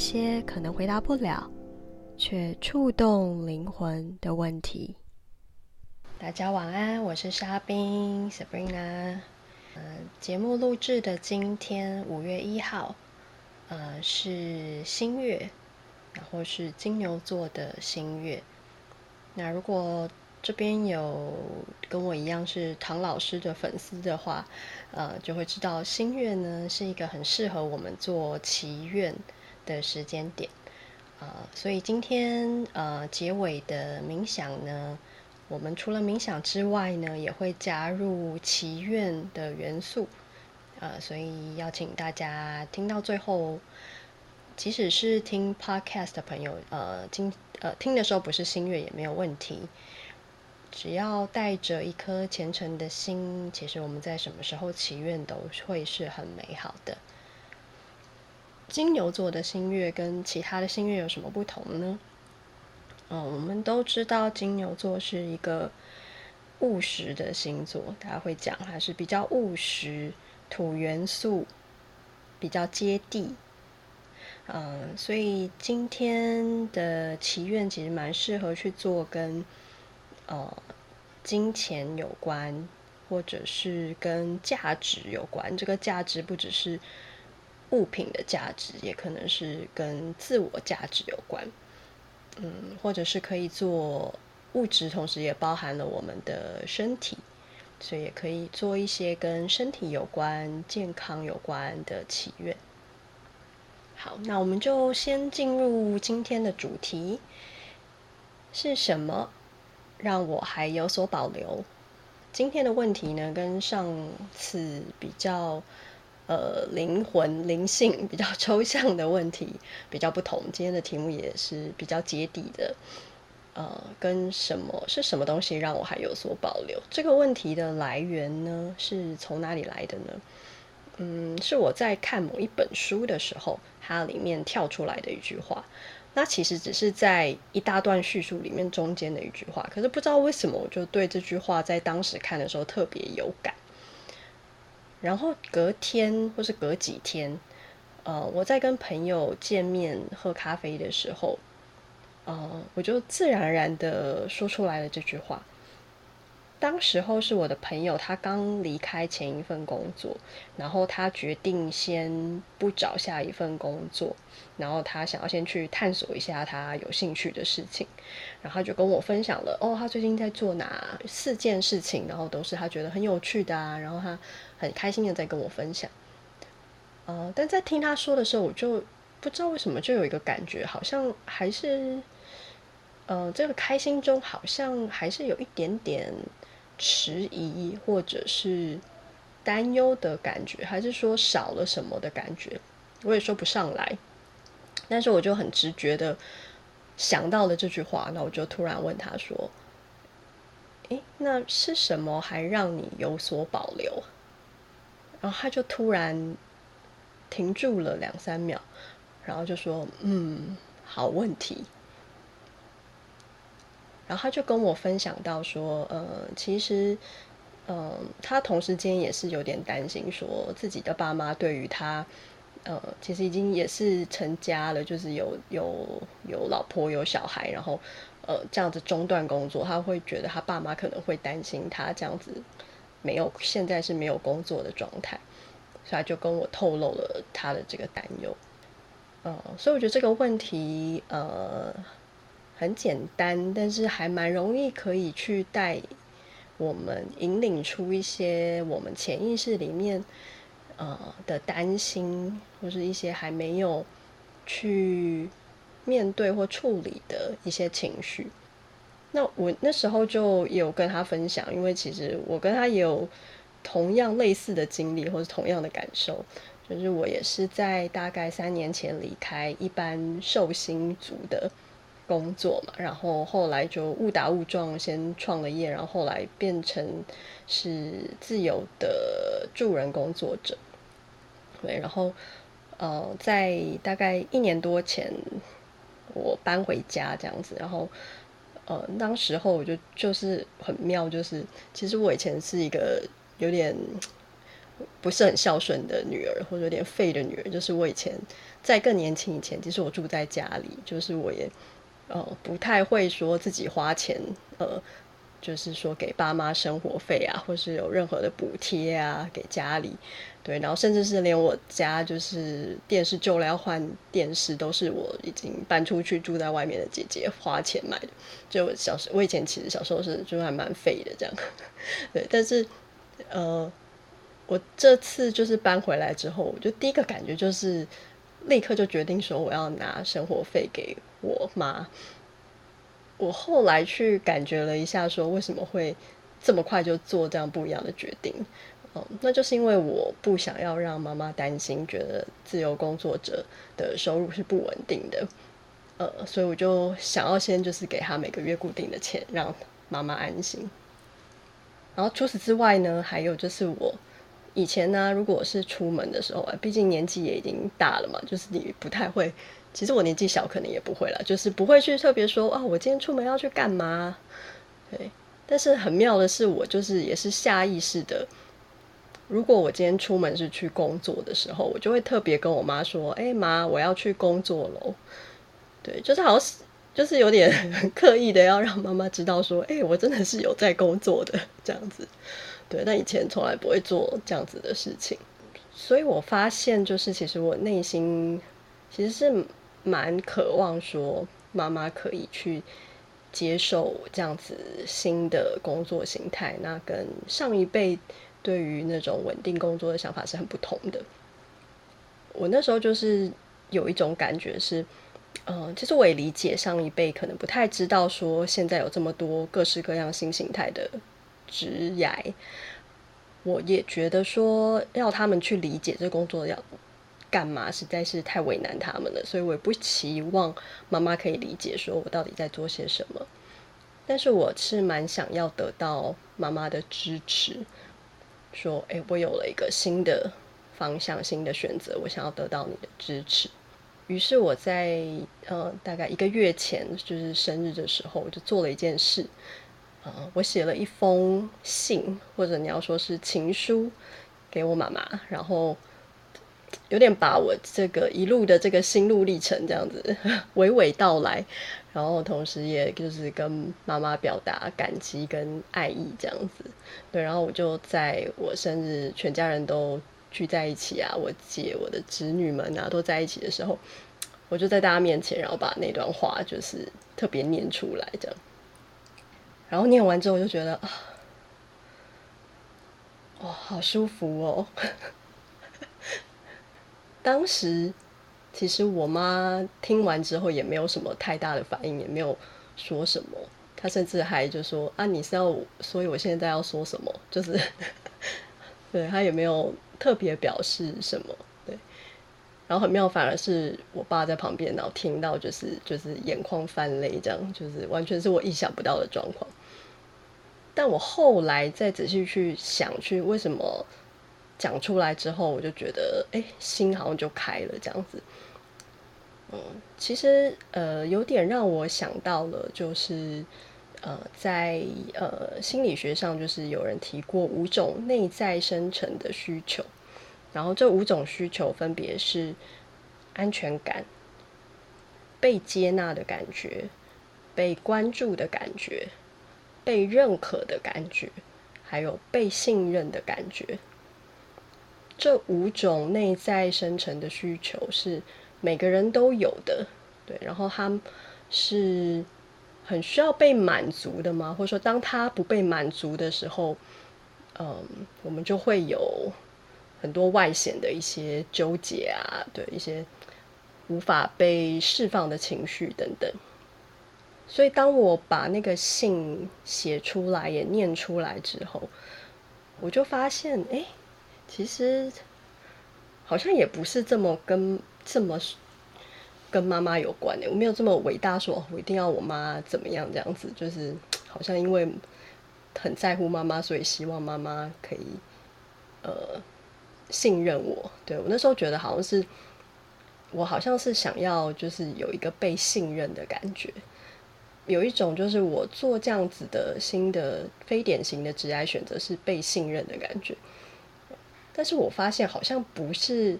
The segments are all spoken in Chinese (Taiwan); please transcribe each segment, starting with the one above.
些可能回答不了，卻觸動靈魂的問題。大家晚安，我是莎賓 Sabrina。呃，節目錄製的今天五月一號，呃，是新月，然後是金牛座的新月。那如果這邊有跟我一樣是唐老師的粉絲的話，呃，就會知道新月呢是一個很適合我們做祈願。的時間點，啊、呃，所以今天呃結尾的冥想呢，我們除了冥想之外呢，也會加入祈願的元素，呃，所以邀請大家聽到最後，即使是聽 podcast 的朋友，呃，今呃聽的時候不是新月也沒有問題，只要帶着一顆虔誠的心，其實我們在什麼時候祈願都會是很美好的。金牛座的新月跟其他的新月有什麼不同呢？嗯、哦，我們都知道金牛座是一個務實的星座，大家會講還是比較務實，土元素比較接地。嗯，所以今天的祈願其實蠻適合去做跟呃金錢有關，或者是跟價值有關。這個價值不只是。物品的價值也可能是跟自我價值有關，嗯，或者是可以做物質，同時也包含了我們的身體，所以也可以做一些跟身體有關、健康有關的祈願。好，那我們就先進入今天的主題，是什麼讓我還有所保留？今天的問題呢，跟上次比較。呃，靈魂、靈性比較抽象的問題比較不同。今天的題目也是比較接地的。呃，跟什麼是什麼東西讓我還有所保留？這個問題的來源呢，是從哪裡來的呢？嗯，是我在看某一本書的時候，它裡面跳出來的一句話。那其實只是在一大段敘述裡面中間的一句話，可是不知道為什麼，我就對這句話在當時看的時候特別有感。然後隔天或是隔幾天，呃，我在跟朋友見面喝咖啡的時候，呃，我就自然而然的說出來了這句話。當時候是我的朋友，他剛離開前一份工作，然後他決定先不找下一份工作，然後他想要先去探索一下他有興趣的事情，然後就跟我分享了哦，他最近在做哪四件事情，然後都是他覺得很有趣的啊，然後他很開心的在跟我分享，呃，但在聽他說的時候，我就不知道為什麼就有一個感覺，好像還是，呃，這個開心中好像還是有一點點。遲疑或者是擔憂的感覺，還是說少了什麼的感覺，我也說不上來。但是我就很直覺的想到了這句話，然後我就突然問他說：“誒，那是什麼還讓你有所保留？”然後他就突然停住了兩三秒，然後就說：“嗯，好問題。”然後他就跟我分享到說，呃，其實，嗯、呃，他同時間也是有點擔心，說自己的爸媽對於他，呃，其實已經也是成家了，就是有有有老婆有小孩，然後，呃，這樣子中斷工作，他會覺得他爸媽可能會擔心他這樣子沒有現在是沒有工作的狀態，所以他就跟我透露了他的這個擔憂，呃，所以我覺得這個問題，呃。很簡單，但是還蠻容易，可以去帶我們引領出一些我們潛意識裡面呃的擔心，或是一些還沒有去面對或處理的一些情緒。那我那時候就有跟他分享，因為其實我跟他也有同樣類似的經歷，或者同樣的感受，就是我也是在大概三年前離開一般受薪族的。工作嘛，然後後來就誤打誤撞先創了業，然後後來變成是自由的助人工作者，對，然後呃，在大概一年多前我搬回家這樣子，然後呃，當時候我就就是很妙，就是其實我以前是一個有點不是很孝順的女兒，或者有點廢的女兒，就是我以前在更年輕以前，其實我住在家裡，就是我也。呃，不太會說自己花錢，呃，就是說給爸媽生活費啊，或是有任何的補貼啊，給家裡。對，然後甚至是連我家就是電視舊了要換電視，都是我已經搬出去住在外面的姐姐花錢買的。就小時我以前其實小時候是就還蠻費的這樣。對，但是呃，我這次就是搬回來之後，我就第一個感覺就是。立刻就決定說我要拿生活費給我媽。我後來去感覺了一下，說為什麼會這麼快就做這樣不一樣的決定？嗯，那就是因為我不想要讓媽媽擔心，覺得自由工作者的收入是不穩定的。呃，嗯，所以我就想要先就是給她每個月固定的錢，讓媽媽安心。然後除此之外呢，還有就是我。以前呢、啊，如果是出門的時候啊，畢竟年紀也已經大了嘛，就是你不太會。其實我年紀小，可能也不會了，就是不會去特別說啊，我今天出門要去幹嘛？對。但是很妙的是，我就是也是下意識的，如果我今天出門是去工作的時候，我就會特別跟我媽說：“哎、欸、媽，我要去工作咯。”對，就是好像，就是有點 刻意的要讓媽媽知道說：“哎、欸，我真的是有在工作的，這樣子。”對，但以前從來不會做這樣子的事情，所以我發現就是，其實我內心其實是蠻渴望說，媽媽可以去接受這樣子新的工作形態，那跟上一輩對於那種穩定工作的想法是很不同的。我那時候就是有一種感覺是，嗯、呃，其實我也理解上一輩可能不太知道說，現在有這麼多各式各樣新形態的。直癌，我也覺得說要他們去理解這工作要幹嘛實在是太為難他們了，所以我也不期望媽媽可以理解說我到底在做些什麼。但是我是蠻想要得到媽媽的支持，說誒、欸，我有了一個新的方向、新的選擇，我想要得到你的支持。於是我在呃大概一個月前，就是生日的時候，我就做了一件事。嗯，我寫了一封信，或者你要說是情書，給我媽媽，然後有點把我這個一路的這個心路歷程這樣子娓娓道來，然後同時也就是跟媽媽表達感激跟愛意這樣子。對，然後我就在我生日，全家人都聚在一起啊，我姐、我的侄女們啊都在一起的時候，我就在大家面前，然後把那段話就是特別念出來，這樣。然後念完之後，我就覺得啊，哇、哦，好舒服哦。 當時其實我媽聽完之後也沒有什麼太大的反應，也沒有說什麼，她甚至還就說啊，你是要，所以我現在要說什麼，就是， 對，她也沒有特別表示什麼，對。然後很妙，反而是我爸在旁邊，然後聽到就是就是眼眶泛淚，這樣，就是完全是我意想不到的狀況。但我後來再仔細去想，去為什麼講出來之後，我就覺得，哎、欸，心好像就開了這樣子。嗯，其實呃，有點讓我想到了，就是呃，在呃心理學上，就是有人提過五種內在生成的需求，然後這五種需求分別是安全感、被接納的感覺、被關注的感覺、被認可的感覺，還有被信任的感覺，這五種內在深層的需求是每個人都有的，對。然後他是很需要被滿足的嗎？或者說，當他不被滿足的時候，嗯，我們就會有很多外顯的一些糾結啊，對，一些無法被釋放的情緒等等。所以，當我把那個信寫出來也念出來之後，我就發現，哎，其實好像也不是這麼跟這麼跟媽媽有關的。我沒有這麼偉大，說我一定要我媽怎麼樣這樣子。就是好像因為很在乎媽媽，所以希望媽媽可以呃信任我。對，我那時候覺得好像是我好像是想要就是有一個被信任的感覺。有一種就是我做這樣子的新的非典型的職業選擇是被信任的感覺，但是我發現好像不是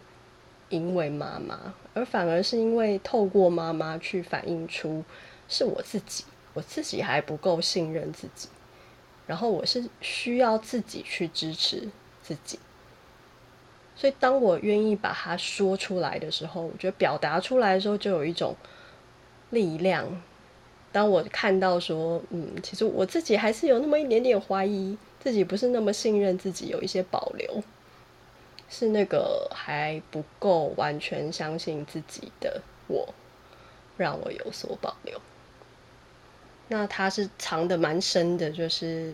因為媽媽，而反而是因為透過媽媽去反映出是我自己，我自己還不夠信任自己，然後我是需要自己去支持自己，所以當我願意把它說出來的時候，我覺得表達出來的時候就有一種力量。當我看到說，嗯，其實我自己還是有那麼一點點懷疑，自己不是那麼信任自己，有一些保留，是那個還不夠完全相信自己的我，讓我有所保留。那他是藏得蠻深的，就是，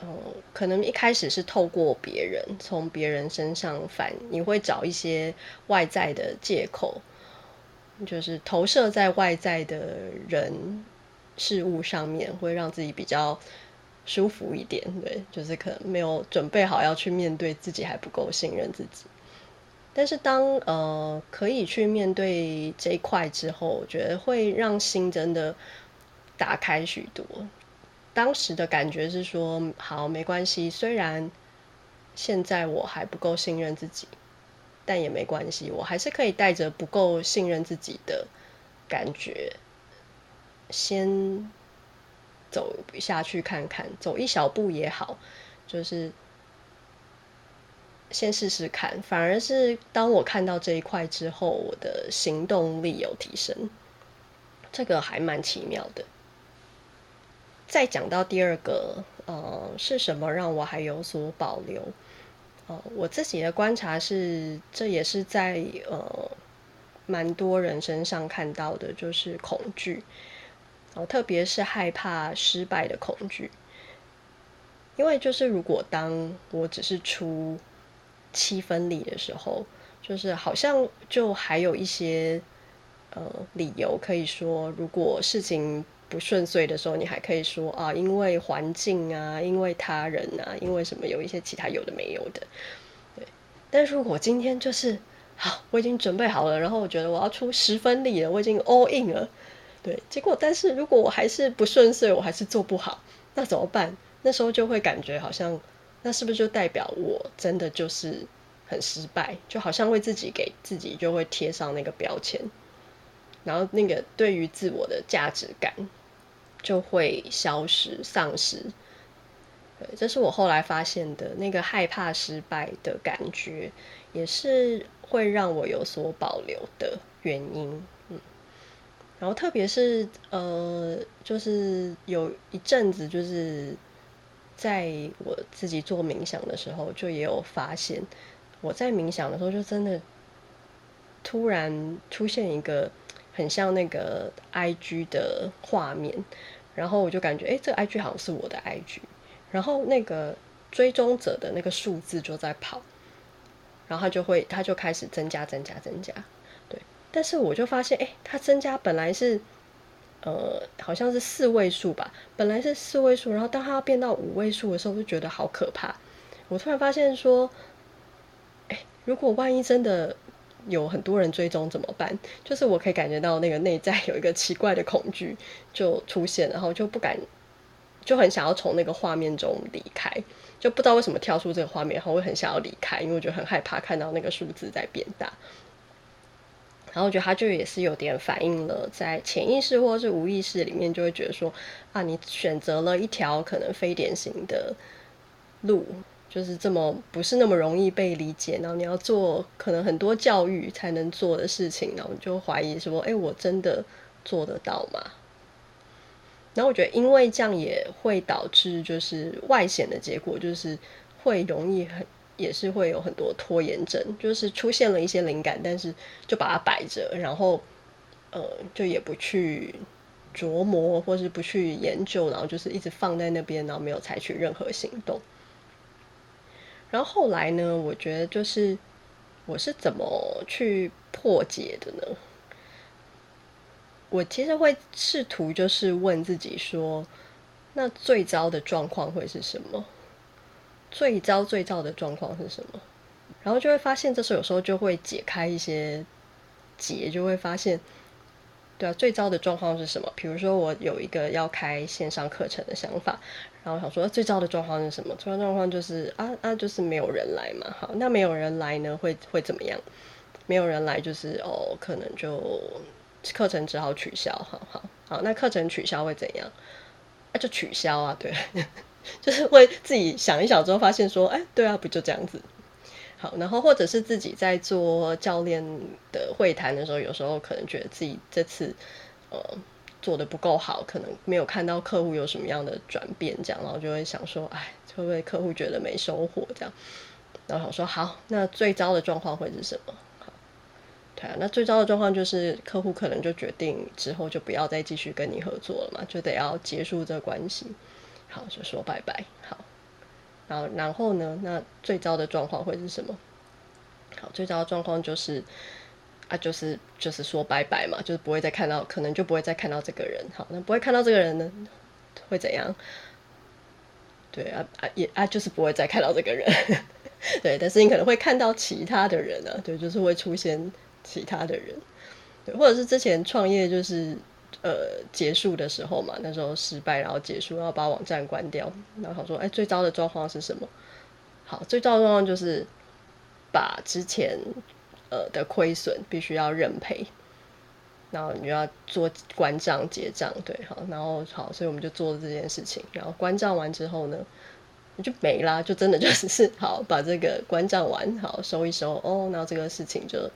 嗯，可能一開始是透過別人，從別人身上反，你會找一些外在的借口。就是投射在外在的人事物上面，會讓自己比較舒服一點。對，就是可能沒有準備好要去面對自己，還不夠信任自己。但是當呃可以去面對這一塊之後，我覺得會讓心真的打開許多。當時的感覺是說，好，沒關係。雖然現在我還不夠信任自己。但也沒關係，我還是可以帶着不夠信任自己的感覺，先走下去看看，走一小步也好，就是先試試看。反而是當我看到這一塊之後，我的行動力有提升，這個還蠻奇妙的。再講到第二個，嗯，是什麼讓我還有所保留？哦，我自己的觀察是，這也是在呃、蠻多人身上看到的，就是恐懼，哦，特別是害怕失敗的恐懼，因為就是如果當我只是出七分力的時候，就是好像就還有一些呃理由可以說，如果事情。不順遂的時候，你還可以說啊，因為環境啊，因為他人啊，因為什麼，有一些其他有的沒有的，對。但是如果我今天就是好，我已經準備好了，然後我覺得我要出十分力了，我已經 all in 了，對。結果，但是如果我還是不順遂，我還是做不好，那怎麼辦？那時候就會感覺好像，那是不是就代表我真的就是很失敗？就好像為自己給自己就會貼上那個標籤，然後那個對於自我的價值感。就會消失、喪失。對，這是我後來發現的。那個害怕失敗的感覺，也是會讓我有所保留的原因。嗯，然後特別是呃，就是有一陣子，就是在我自己做冥想的時候，就也有發現，我在冥想的時候，就真的突然出現一個。很像那個 IG 的畫面，然後我就感覺，哎、欸，這個 IG 好像是我的 IG，然後那個追蹤者的那個數字就在跑，然後他就會，他就開始增加，增加，增加，對。但是我就發現，哎、欸，它增加本來是，呃，好像是四位數吧，本來是四位數，然後當它變到五位數的時候，我就覺得好可怕。我突然發現說，哎、欸，如果萬一真的。有很多人追蹤怎麼辦？就是我可以感覺到那個內在有一個奇怪的恐懼就出現，然後就不敢，就很想要從那個畫面中離開，就不知道為什麼跳出這個畫面，然後我很想要離開，因為我覺得很害怕看到那個數字在變大。然後我覺得他就也是有點反映了在潛意識或是無意識裡面，就會覺得說啊，你選擇了一條可能非典型的路。就是這麼不是那麼容易被理解，然後你要做可能很多教育才能做的事情，然後就懷疑說，哎，我真的做得到嗎？然後我覺得，因為這樣也會導致就是外顯的結果，就是會容易很，也是會有很多拖延症，就是出現了一些靈感，但是就把它擺着，然後呃，就也不去琢磨，或是不去研究，然後就是一直放在那邊，然後沒有採取任何行動。然後後來呢？我覺得就是我是怎麼去破解的呢？我其實會試圖就是問自己說，那最糟的狀況會是什麼？最糟最糟的狀況是什麼？然後就會發現，這時候有時候就會解開一些結，就會發現，對啊，最糟的狀況是什麼？比如說我有一個要開線上課程的想法。然後我想說最糟的狀況是什麼？最糟的狀況就是啊啊，就是沒有人來嘛。好，那沒有人來呢？會會怎麼樣？沒有人來就是哦，可能就課程只好取消。好好好，那課程取消會怎樣？那、啊、就取消啊。對， 就是會自己想一想之後發現說，哎，對啊，不就這樣子。好，然後或者是自己在做教練的會談的時候，有時候可能覺得自己這次呃。做得不夠好，可能沒有看到客戶有什麼樣的轉變，這樣，然後就會想說，哎，會不會客戶覺得沒收穫這樣？然後想說，好，那最糟的狀況會是什麼？好，對啊，那最糟的狀況就是客戶可能就決定之後就不要再繼續跟你合作了嘛，就得要結束這關係，好，就說拜拜。好，然後呢，那最糟的狀況會是什麼？好，最糟的狀況就是。啊，就是就是說拜拜嘛，就是不會再看到，可能就不會再看到這個人。好，那不會看到這個人呢？會怎樣？對啊啊也啊，也啊就是不會再看到這個人。 對，但是你可能會看到其他的人啊。對，就是會出現其他的人。對，或者是之前創業就是呃結束的時候嘛，那時候失敗，然後結束，然後把網站關掉，然後他說：“哎，最糟的狀況是什麼？”好，最糟的狀況就是把之前。呃的虧損必須要認賠，然後你就要做關賬結賬，對好，然後好，所以我們就做了這件事情。然後關賬完之後呢，就沒啦，就真的就只是好把這個關賬完，好收一收，哦，那這個事情就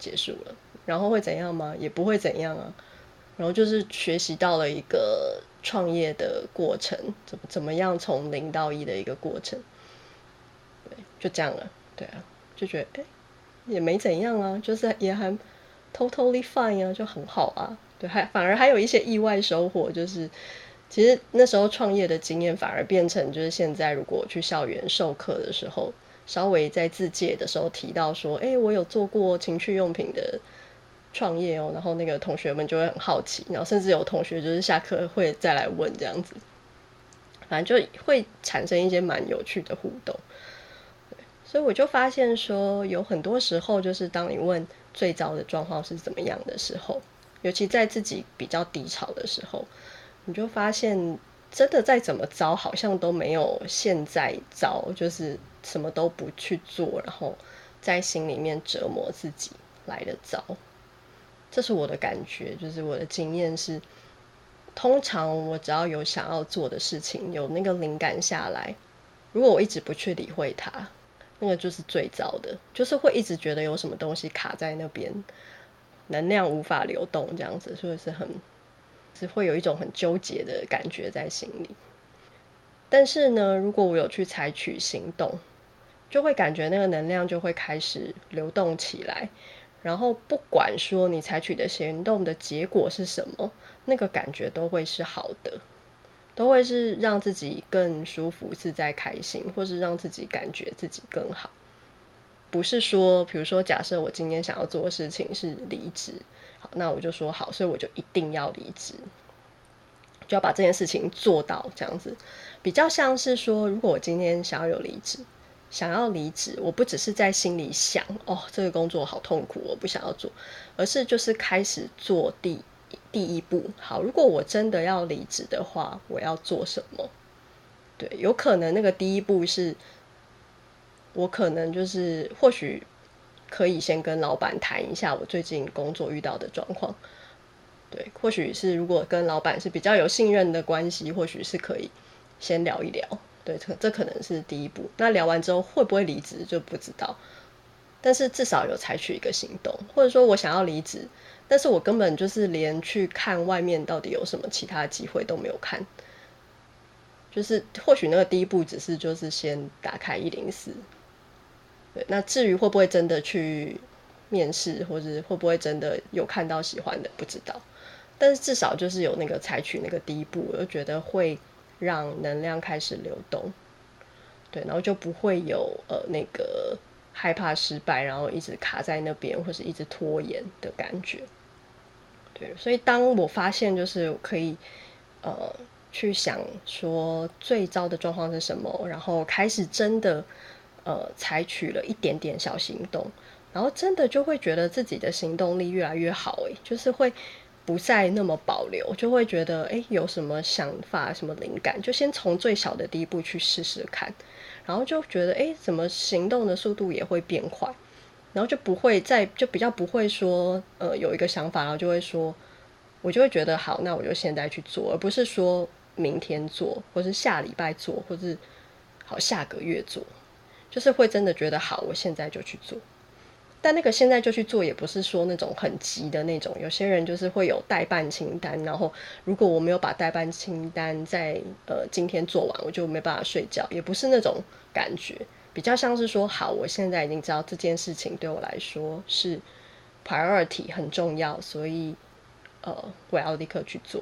結束了。然後會怎樣嗎？也不會怎樣啊。然後就是學習到了一個創業的過程，怎麼怎麼樣從零到一的一個過程，對，就這樣了。對啊，就覺得哎。欸也沒怎樣啊，就是也還 totally fine 啊，就很好啊。對，還反而還有一些意外收穫，就是其實那時候創業的經驗反而變成，就是現在如果去校園授課的時候，稍微在自介的時候提到說，哎，我有做過情趣用品的創業哦，然後那個同學們就會很好奇，然後甚至有同學就是下課會再來問這樣子，反正就會產生一些蠻有趣的互動。所以我就發現說，有很多時候，就是當你問最糟的狀況是怎麼樣的時候，尤其在自己比較低潮的時候，你就發現真的再怎麼糟，好像都沒有現在糟，就是什麼都不去做，然後在心裡面折磨自己來得糟。這是我的感覺，就是我的經驗是，通常我只要有想要做的事情，有那個靈感下來，如果我一直不去理會它。那個就是最糟的，就是會一直覺得有什麼東西卡在那邊，能量無法流動，這樣子，所以是很，是會有一種很糾結的感覺在心裡。但是呢，如果我有去採取行動，就會感覺那個能量就會開始流動起來。然後不管說你採取的行動的結果是什麼，那個感覺都會是好的。都會是讓自己更舒服、自在、開心，或是讓自己感覺自己更好。不是說，比如說，假設我今天想要做的事情是離職，好，那我就說好，所以我就一定要離職，就要把這件事情做到這樣子。比較像是說，如果我今天想要有離職，想要離職，我不只是在心裡想哦，這個工作好痛苦，我不想要做，而是就是開始坐地。第一步，好。如果我真的要離職的話，我要做什麼？對，有可能那個第一步是，我可能就是或許可以先跟老闆談一下我最近工作遇到的狀況。對，或許是如果跟老闆是比較有信任的關係，或許是可以先聊一聊。對，這這可能是第一步。那聊完之後會不會離職就不知道，但是至少有採取一個行動，或者說，我想要離職。但是我根本就是連去看外面到底有什麼其他的機會都沒有看，就是或許那個第一步只是就是先打開一零四，對，那至於會不會真的去面試，或者會不會真的有看到喜歡的，不知道。但是至少就是有那個採取那個第一步，我就覺得會讓能量開始流動，對，然後就不會有呃那個。害怕失敗，然後一直卡在那邊，或是一直拖延的感覺。對，所以當我發現就是可以，呃，去想說最糟的狀況是什麼，然後開始真的呃採取了一點點小行動，然後真的就會覺得自己的行動力越來越好誒。就是會不再那麼保留，就會覺得哎有什麼想法、什麼靈感，就先從最小的第一步去試試看。然後就覺得，哎，怎麼行動的速度也會變快，然後就不會再就比較不會說，呃，有一個想法，然後就會說，我就會覺得好，那我就現在去做，而不是說明天做，或是下禮拜做，或是好，下個月做，就是會真的覺得好，我現在就去做。但那個現在就去做，也不是說那種很急的那種。有些人就是會有待辦清單，然後如果我沒有把待辦清單在呃今天做完，我就沒辦法睡覺。也不是那種感覺，比較像是說，好，我現在已經知道這件事情對我來說是 priority 很重要，所以呃，我要立刻去做。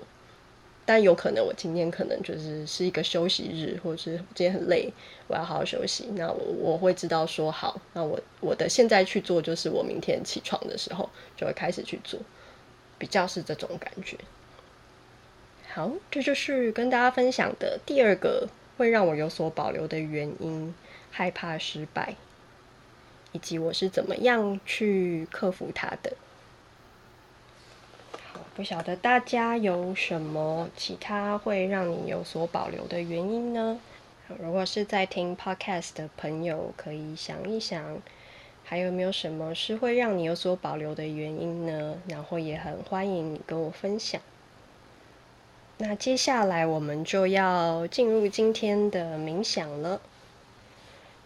但有可能我今天可能就是是一個休息日，或者是今天很累，我要好好休息。那我我會知道說好，那我我的現在去做，就是我明天起床的時候就會開始去做，比較是這種感覺。好，這就是跟大家分享的第二個會讓我有所保留的原因——害怕失敗，以及我是怎麼樣去克服它的。不曉得大家有什麼其他會讓你有所保留的原因呢？如果是在聽 podcast 的朋友，可以想一想，還有沒有什麼是會讓你有所保留的原因呢？然後也很歡迎你跟我分享。那接下來我們就要進入今天的冥想了。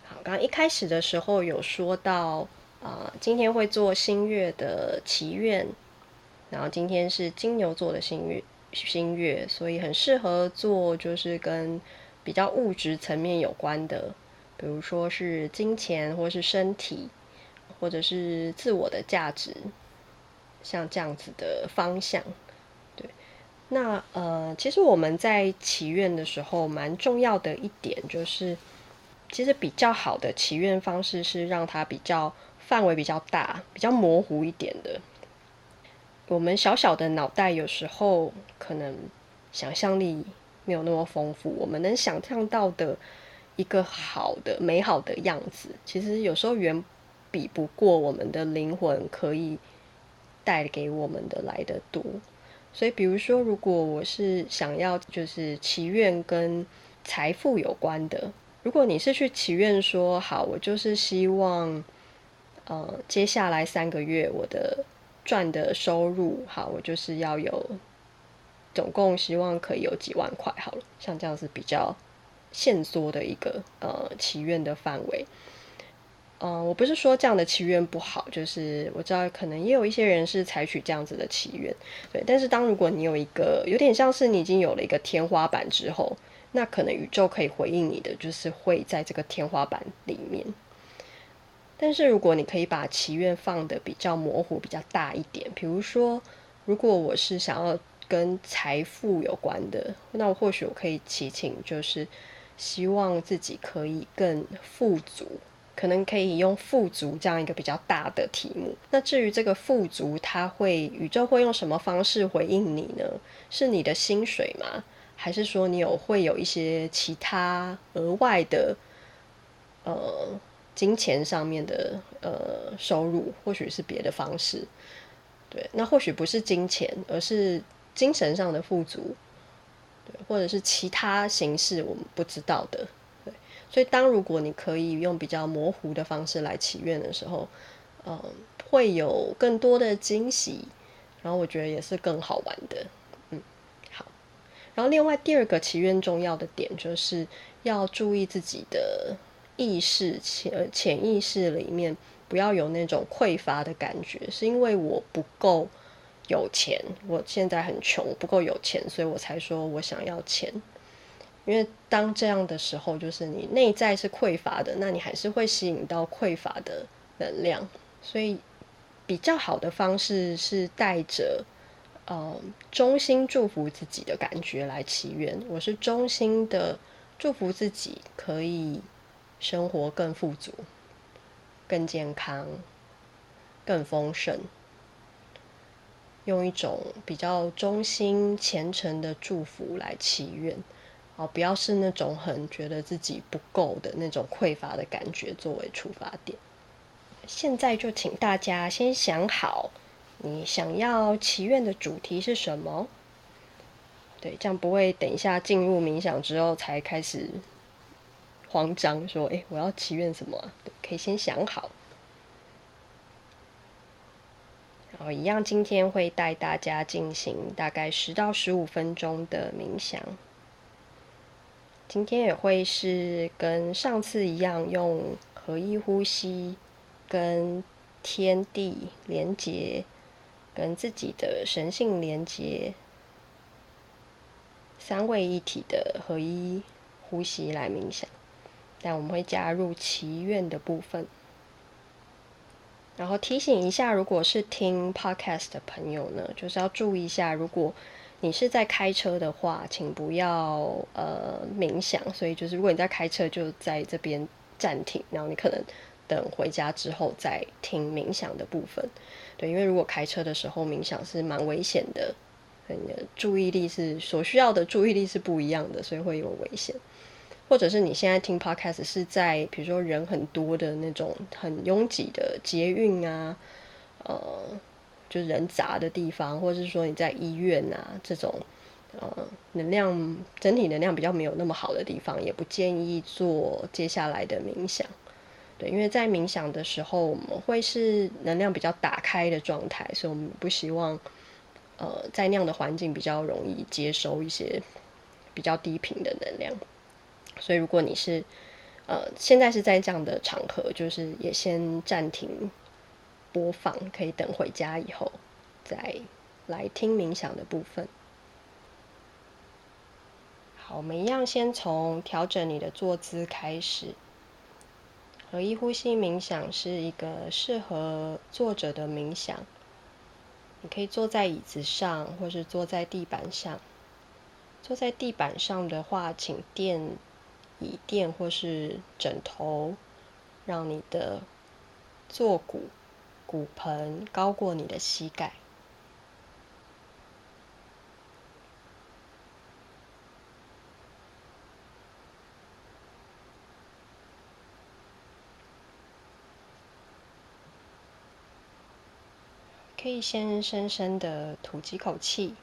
好，剛一開始的時候有說到，啊、呃，今天會做新月的祈願。然後今天是金牛座的新月，新月，所以很適合做就是跟比較物質層面有關的，比如說是金錢或是身體，或者是自我的價值，像這樣子的方向。對，那呃，其實我們在祈願的時候，蠻重要的一點就是，其實比較好的祈願方式是讓它比較範圍比較大，比較模糊一點的。我們小小的腦袋有時候可能想象力沒有那麼豐富，我們能想象到的一個好的、美好的樣子，其實有時候遠比不過我們的靈魂可以帶給我們的來得多。所以，比如說，如果我是想要就是祈願跟財富有關的，如果你是去祈願說，好，我就是希望，呃，接下來三個月我的。賺的收入，好，我就是要有，總共希望可以有幾萬塊好了，像這樣是比較限縮的一個呃祈願的範圍。嗯、呃，我不是說這樣的祈願不好，就是我知道可能也有一些人是採取這樣子的祈願，對。但是當如果你有一個有點像是你已經有了一個天花板之後，那可能宇宙可以回應你的就是會在這個天花板裡面。但是如果你可以把祈願放得比較模糊，比較大一點，比如說，如果我是想要跟財富有關的，那或許我可以祈請，就是希望自己可以更富足，可能可以用“富足”這樣一個比較大的題目。那至於這個“富足”，它會宇宙會用什麼方式回應你呢？是你的薪水嗎？還是說你有會有一些其他額外的，呃？金錢上面的呃收入，或許是別的方式，對，那或許不是金錢，而是精神上的富足，對，或者是其他形式我們不知道的，對，所以當如果你可以用比較模糊的方式來祈願的時候，嗯、呃，會有更多的驚喜，然後我覺得也是更好玩的，嗯，好，然後另外第二個祈願重要的點就是要注意自己的。意識，潛潛意識裡面不要有那種匱乏的感覺，是因為我不夠有錢，我現在很窮，不夠有錢，所以我才說我想要錢。因為當這樣的時候，就是你內在是匱乏的，那你還是會吸引到匱乏的能量。所以比較好的方式是帶着呃衷心祝福自己的感覺來祈願。我是衷心的祝福自己可以。生活更富足，更健康，更豐盛。用一種比較衷心、虔誠的祝福來祈願，啊，不要是那種很覺得自己不夠的那種匱乏的感覺作為出發點。現在就請大家先想好，你想要祈願的主題是什麼？對，這樣不會等一下進入冥想之後才開始。慌張說：“哎、欸，我要祈願什麼、啊？可以先想好。好”然後一樣，今天會帶大家進行大概十到十五分鐘的冥想。今天也會是跟上次一樣，用合一呼吸，跟天地連接，跟自己的神性連接，三位一體的合一呼吸來冥想。但我們會加入祈願的部分，然後提醒一下，如果是聽 podcast 的朋友呢，就是要注意一下，如果你是在開車的話，請不要呃冥想。所以就是如果你在開車，就在這邊暫停，然後你可能等回家之後再聽冥想的部分。對，因為如果開車的時候冥想是蠻危險的，所以你的注意力是所需要的注意力是不一樣的，所以會有危險。或者是你現在聽 Podcast 是在比如說人很多的那種很擁擠的捷運啊，呃，就是人雜的地方，或者是說你在醫院啊這種，呃，能量整體能量比較沒有那麼好的地方，也不建議做接下來的冥想。對，因為在冥想的時候，我們會是能量比較打開的狀態，所以我們不希望呃在那樣的環境比較容易接收一些比較低頻的能量。所以，如果你是呃，現在是在這樣的場合，就是也先暫停播放，可以等回家以後再來聽冥想的部分。好，我們一樣先從調整你的坐姿開始。合一呼吸冥想是一個適合坐着的冥想，你可以坐在椅子上，或是坐在地板上。坐在地板上的話，請墊椅墊或是枕頭，讓你的坐骨、骨盆高過你的膝蓋。可以先深深的吐幾口氣。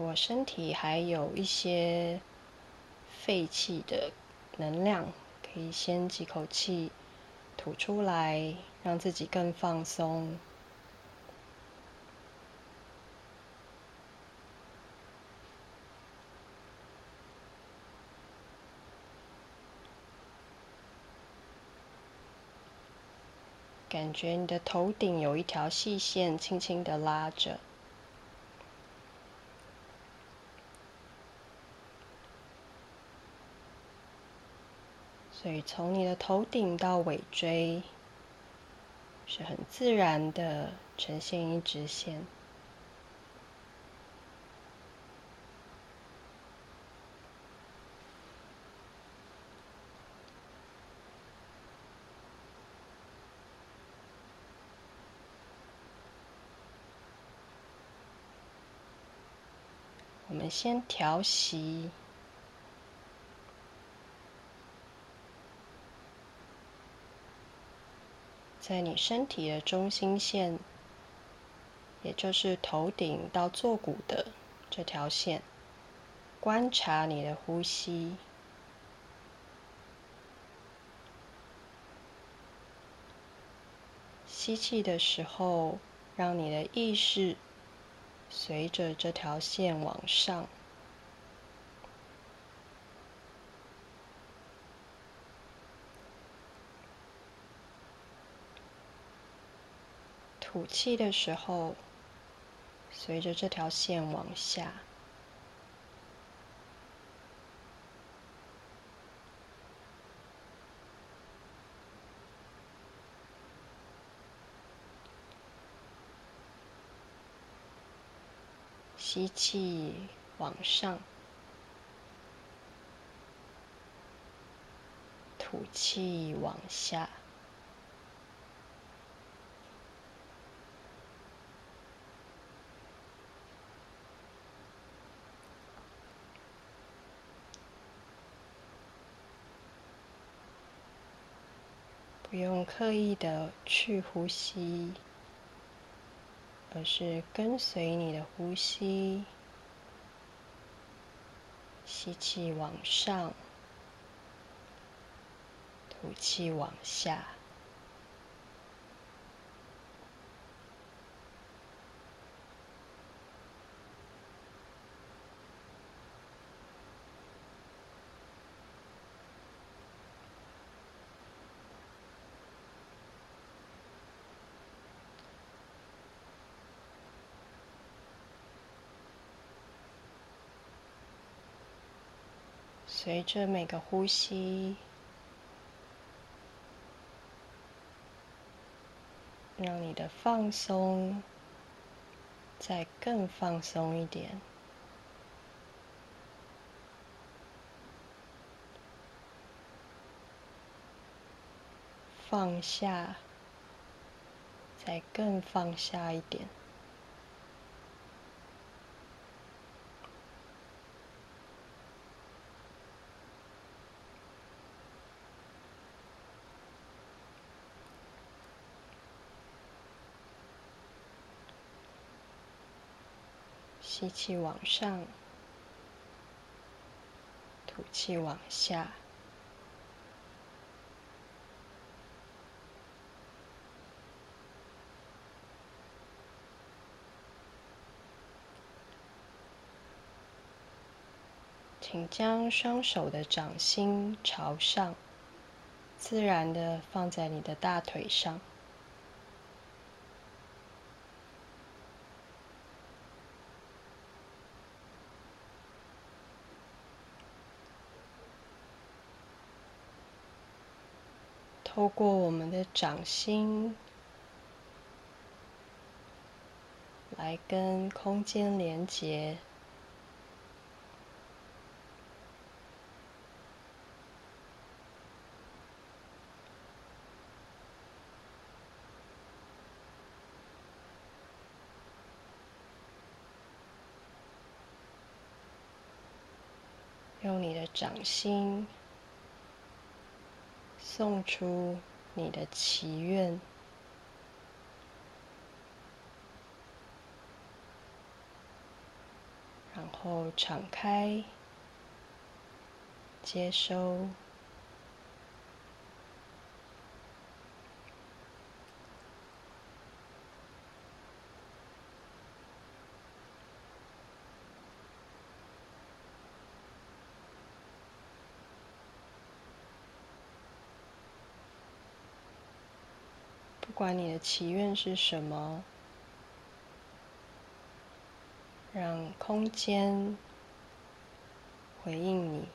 我身體還有一些廢棄的能量，可以先幾口氣吐出來，讓自己更放鬆。感覺你的頭頂有一條細線，輕輕的拉着。所以從你的頭頂到尾椎，是很自然的呈現一直線。我們先調息。在你身體的中心線，也就是頭頂到坐骨的這條線，觀察你的呼吸。吸氣的時候，讓你的意識隨着這條線往上。吐氣的時候，隨着這條線往下；吸氣往上，吐氣往下。不用刻意的去呼吸，而是跟隨你的呼吸，吸氣往上，吐氣往下。隨着每個呼吸，讓你的放鬆再更放鬆一點，放下再更放下一點。吸氣往上，吐氣往下。請將雙手的掌心朝上，自然的放在你的大腿上。透過我們的掌心，來跟空間連結。用你的掌心。送出你的祈願，然後敞開接收。你的祈願是什麼？讓空間回應你。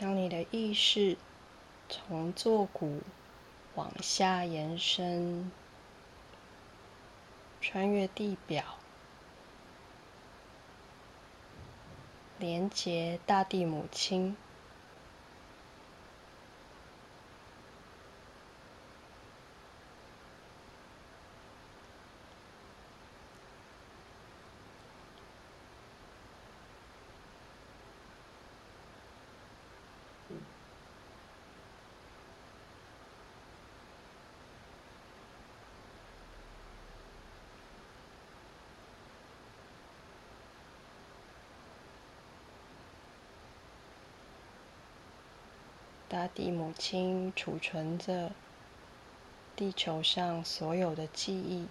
將你的意識從坐骨往下延伸，穿越地表，連接大地母親。大地母親儲存着地球上所有的記憶，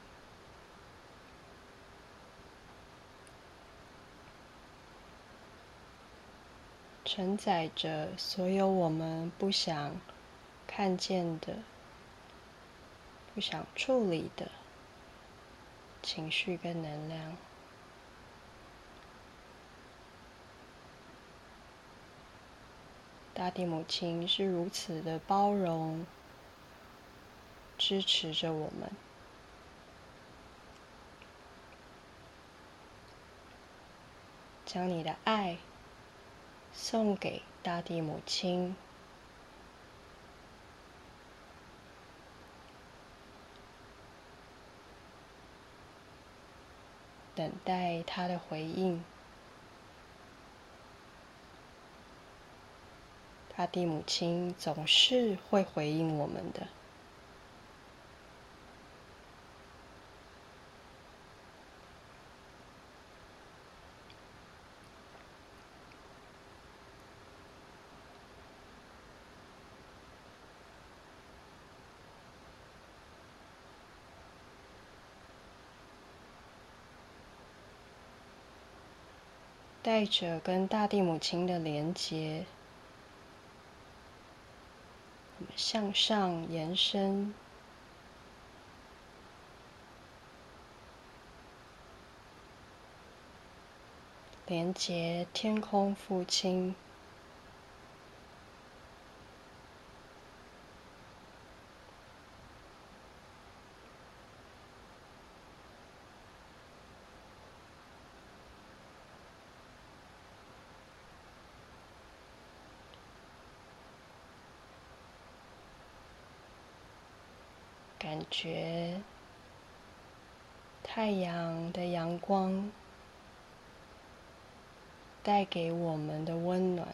承載着所有我們不想看見的、不想處理的情緒跟能量。大地母親是如此的包容，支持着我們，將你的愛送給大地母親，等待她的回應。大地母親總是會回應我們的，帶着跟大地母親的連接。向上延伸，連接天空、父親。覺太陽的陽光帶給我們的溫暖，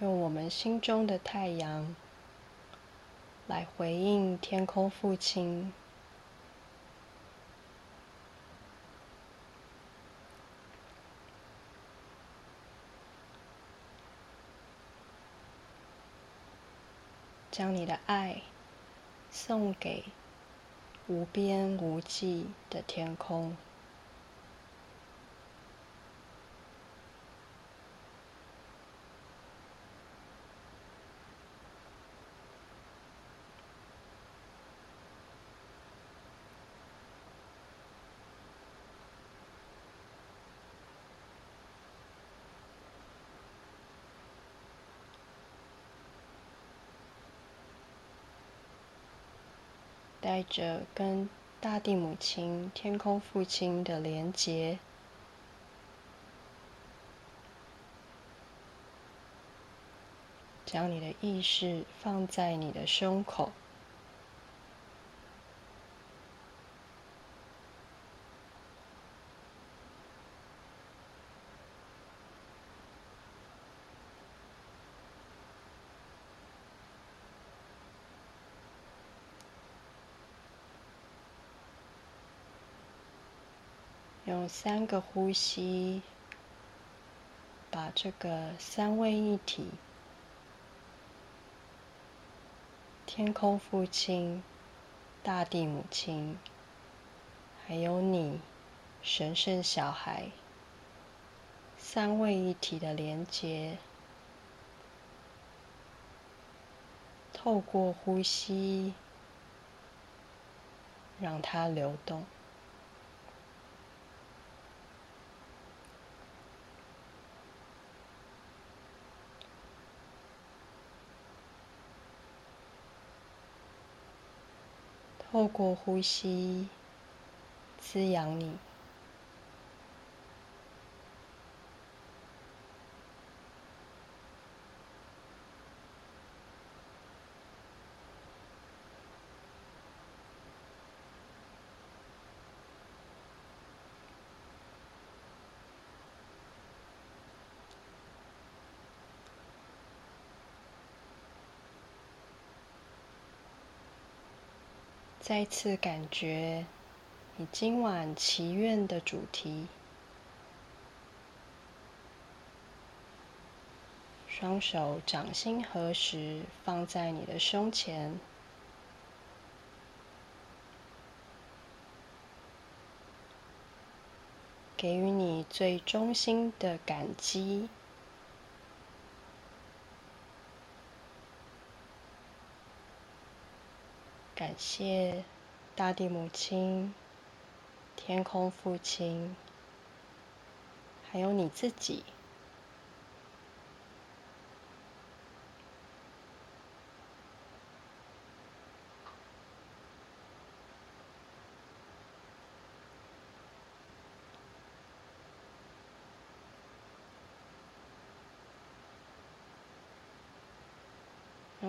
用我們心中的太陽，來回應天空父親，將你的愛送給無邊無際的天空。帶着跟大地母親、天空父親的連結，將你的意識放在你的胸口。用三個呼吸，把這個三位一體：天空父親、大地母親，還有你，神聖小孩，三位一體的連接，透過呼吸，讓它流動。透過呼吸滋養你。再次感覺你今晚祈願的主題，雙手掌心合十，放在你的胸前，給予你最衷心的感激。感謝大地母親、天空父親，還有你自己。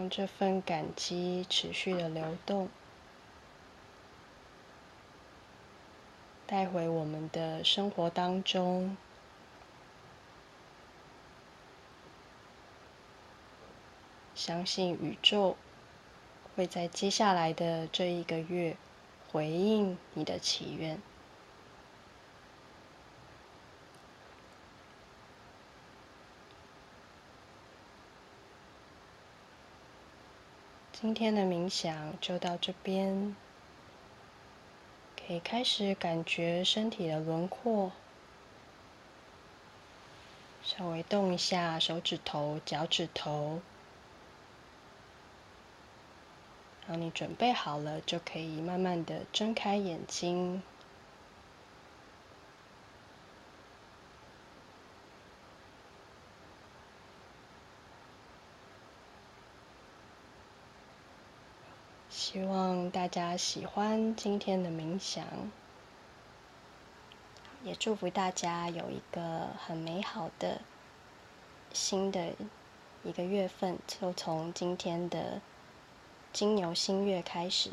這份感激持續的流動，帶回我們的生活當中。相信宇宙會在接下來的這一個月回應你的祈願。今天的冥想就到這邊，可以開始感覺身體的輪廓，稍微動一下手指頭、腳趾頭，當你準備好了，就可以慢慢的睜開眼睛。希望大家喜歡今天的冥想，也祝福大家有一個很美好的新的一個月份，就從今天的金牛新月開始。